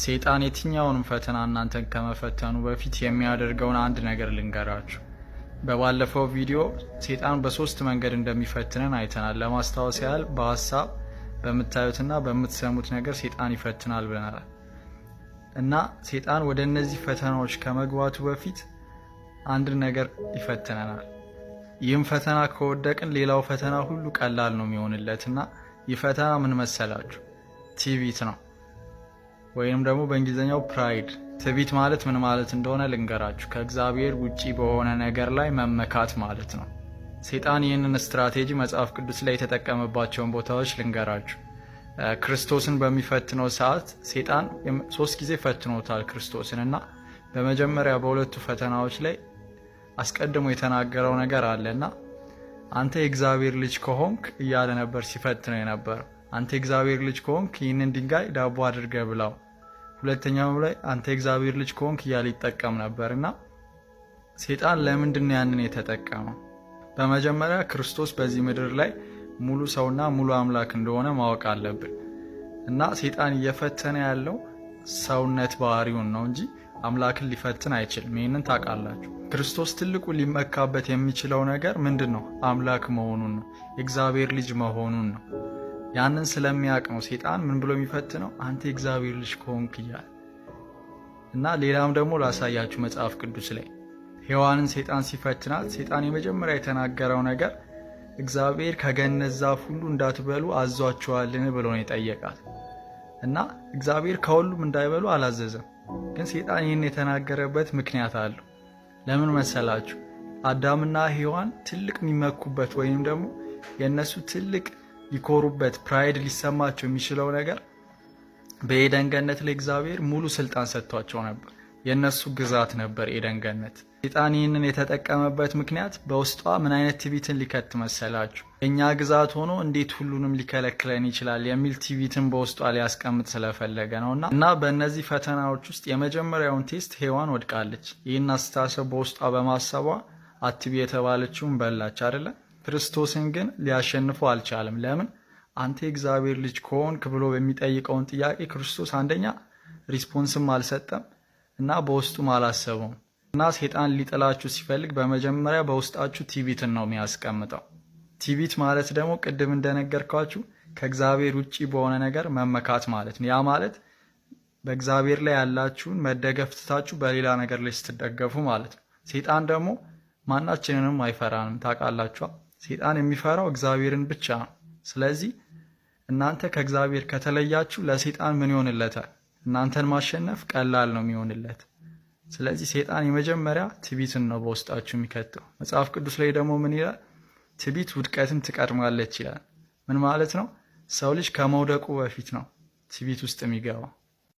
ሴጣን የትኛውንም ፈተና እናንተን ከመፈተኑ በፊት የሚያደርገውን አንድ ነገር ልንገራችሁ። በባለፈው ቪዲዮ ሴጣን በሶስት መንገድ እንደሚፈትነን አይተናል። ለማስታወስ ያህል በሀሳብ በምታዩትና በምትሰሙት ነገር ሴጣን ይፈትናል ብለናል እና ሴጣን ወደ እነዚህ ፈተናዎች ከመግባቱ በፊት አንድ ነገር ይፈትነናል። ይህም ፈተና ከወደቅን ሌላው ፈተና ሁሉ ቀላል ነው የሚሆንለት እና ይህ ፈተና ምን መሰላችሁ? ቲቪት ነው። ወይም ደግሞ በእንግሊዝኛው ፕራይድ ትቢት ማለት ምን ማለት እንደሆነ ልንገራችሁ። ከእግዚአብሔር ውጪ በሆነ ነገር ላይ መመካት ማለት ነው። ሴጣን ይህንን ስትራቴጂ መጽሐፍ ቅዱስ ላይ የተጠቀመባቸውን ቦታዎች ልንገራችሁ። ክርስቶስን በሚፈትነው ሰዓት ሴጣን ሶስት ጊዜ ፈትኖታል ክርስቶስን እና በመጀመሪያ በሁለቱ ፈተናዎች ላይ አስቀድሞ የተናገረው ነገር አለ እና አንተ የእግዚአብሔር ልጅ ከሆንክ እያለ ነበር ሲፈትነው የነበረው። አንተ የእግዚአብሔር ልጅ ከሆንክ ይህንን ድንጋይ ዳቦ አድርገህ ብላው ሁለተኛው ላይ አንተ እግዚአብሔር ልጅ ከሆንክ እያለ ይጠቀም ነበር እና ሴጣን ለምንድን ነው ያንን የተጠቀመው? በመጀመሪያ ክርስቶስ በዚህ ምድር ላይ ሙሉ ሰውና ሙሉ አምላክ እንደሆነ ማወቅ አለብን እና ሴጣን እየፈተነ ያለው ሰውነት ባህሪውን ነው እንጂ አምላክን ሊፈትን አይችልም። ይህንን ታውቃላችሁ። ክርስቶስ ትልቁ ሊመካበት የሚችለው ነገር ምንድን ነው? አምላክ መሆኑን ነው፣ የእግዚአብሔር ልጅ መሆኑን ነው። ያንን ስለሚያውቅ ነው ሴጣን ምን ብሎ የሚፈትነው አንተ የእግዚአብሔር ልጅ ከሆንክ እያለ እና ሌላም ደግሞ ላሳያችሁ መጽሐፍ ቅዱስ ላይ ሔዋንን ሴጣን ሲፈትናት ሴጣን የመጀመሪያ የተናገረው ነገር እግዚአብሔር ከገነት ዛፍ ሁሉ እንዳትበሉ አዟችኋልን ብሎ ነው የጠየቃት እና እግዚአብሔር ከሁሉም እንዳይበሉ አላዘዘም። ግን ሴጣን ይህን የተናገረበት ምክንያት አለው። ለምን መሰላችሁ? አዳምና ሔዋን ትልቅ የሚመኩበት ወይም ደግሞ የእነሱ ትልቅ ሊኮሩበት ፕራይድ ሊሰማቸው የሚችለው ነገር በኤደን ገነት ላይ እግዚአብሔር ሙሉ ስልጣን ሰጥቷቸው ነበር። የእነሱ ግዛት ነበር ኤደን ገነት። ይህንን የተጠቀመበት ምክንያት በውስጧ ምን አይነት ትቢትን ሊከት መሰላችሁ? የእኛ ግዛት ሆኖ እንዴት ሁሉንም ሊከለክለን ይችላል የሚል ትዕቢትን በውስጧ ሊያስቀምጥ ስለፈለገ ነው እና እና በእነዚህ ፈተናዎች ውስጥ የመጀመሪያውን ቴስት ሔዋን ወድቃለች። ይህን አስተሳሰብ በውስጧ በማሰቧ አትቢ የተባለችውን በላች አይደለም ክርስቶስን ግን ሊያሸንፉ አልቻለም። ለምን? አንተ የእግዚአብሔር ልጅ ከሆንክ ብሎ በሚጠይቀውን ጥያቄ ክርስቶስ አንደኛ ሪስፖንስም አልሰጠም እና በውስጡም አላሰበውም እና ሴጣን ሊጥላችሁ ሲፈልግ በመጀመሪያ በውስጣችሁ ትዕቢትን ነው የሚያስቀምጠው። ቲቢት ማለት ደግሞ ቅድም እንደነገርኳችሁ ከእግዚአብሔር ውጭ በሆነ ነገር መመካት ማለት ነው። ያ ማለት በእግዚአብሔር ላይ ያላችሁን መደገፍ ትታችሁ በሌላ ነገር ላይ ስትደገፉ ማለት ነው። ሴጣን ደግሞ ማናችንንም አይፈራንም። ታውቃላችኋል። ሴጣን የሚፈራው እግዚአብሔርን ብቻ ነው። ስለዚህ እናንተ ከእግዚአብሔር ከተለያችሁ ለሰይጣን ምን ይሆንለታል? እናንተን ማሸነፍ ቀላል ነው የሚሆንለት። ስለዚህ ሰይጣን የመጀመሪያ ትቢትን ነው በውስጣችሁ የሚከተው። መጽሐፍ ቅዱስ ላይ ደግሞ ምን ይላል? ትቢት ውድቀትን ትቀድማለች ይላል። ምን ማለት ነው? ሰው ልጅ ከመውደቁ በፊት ነው ትቢት ውስጥ የሚገባው።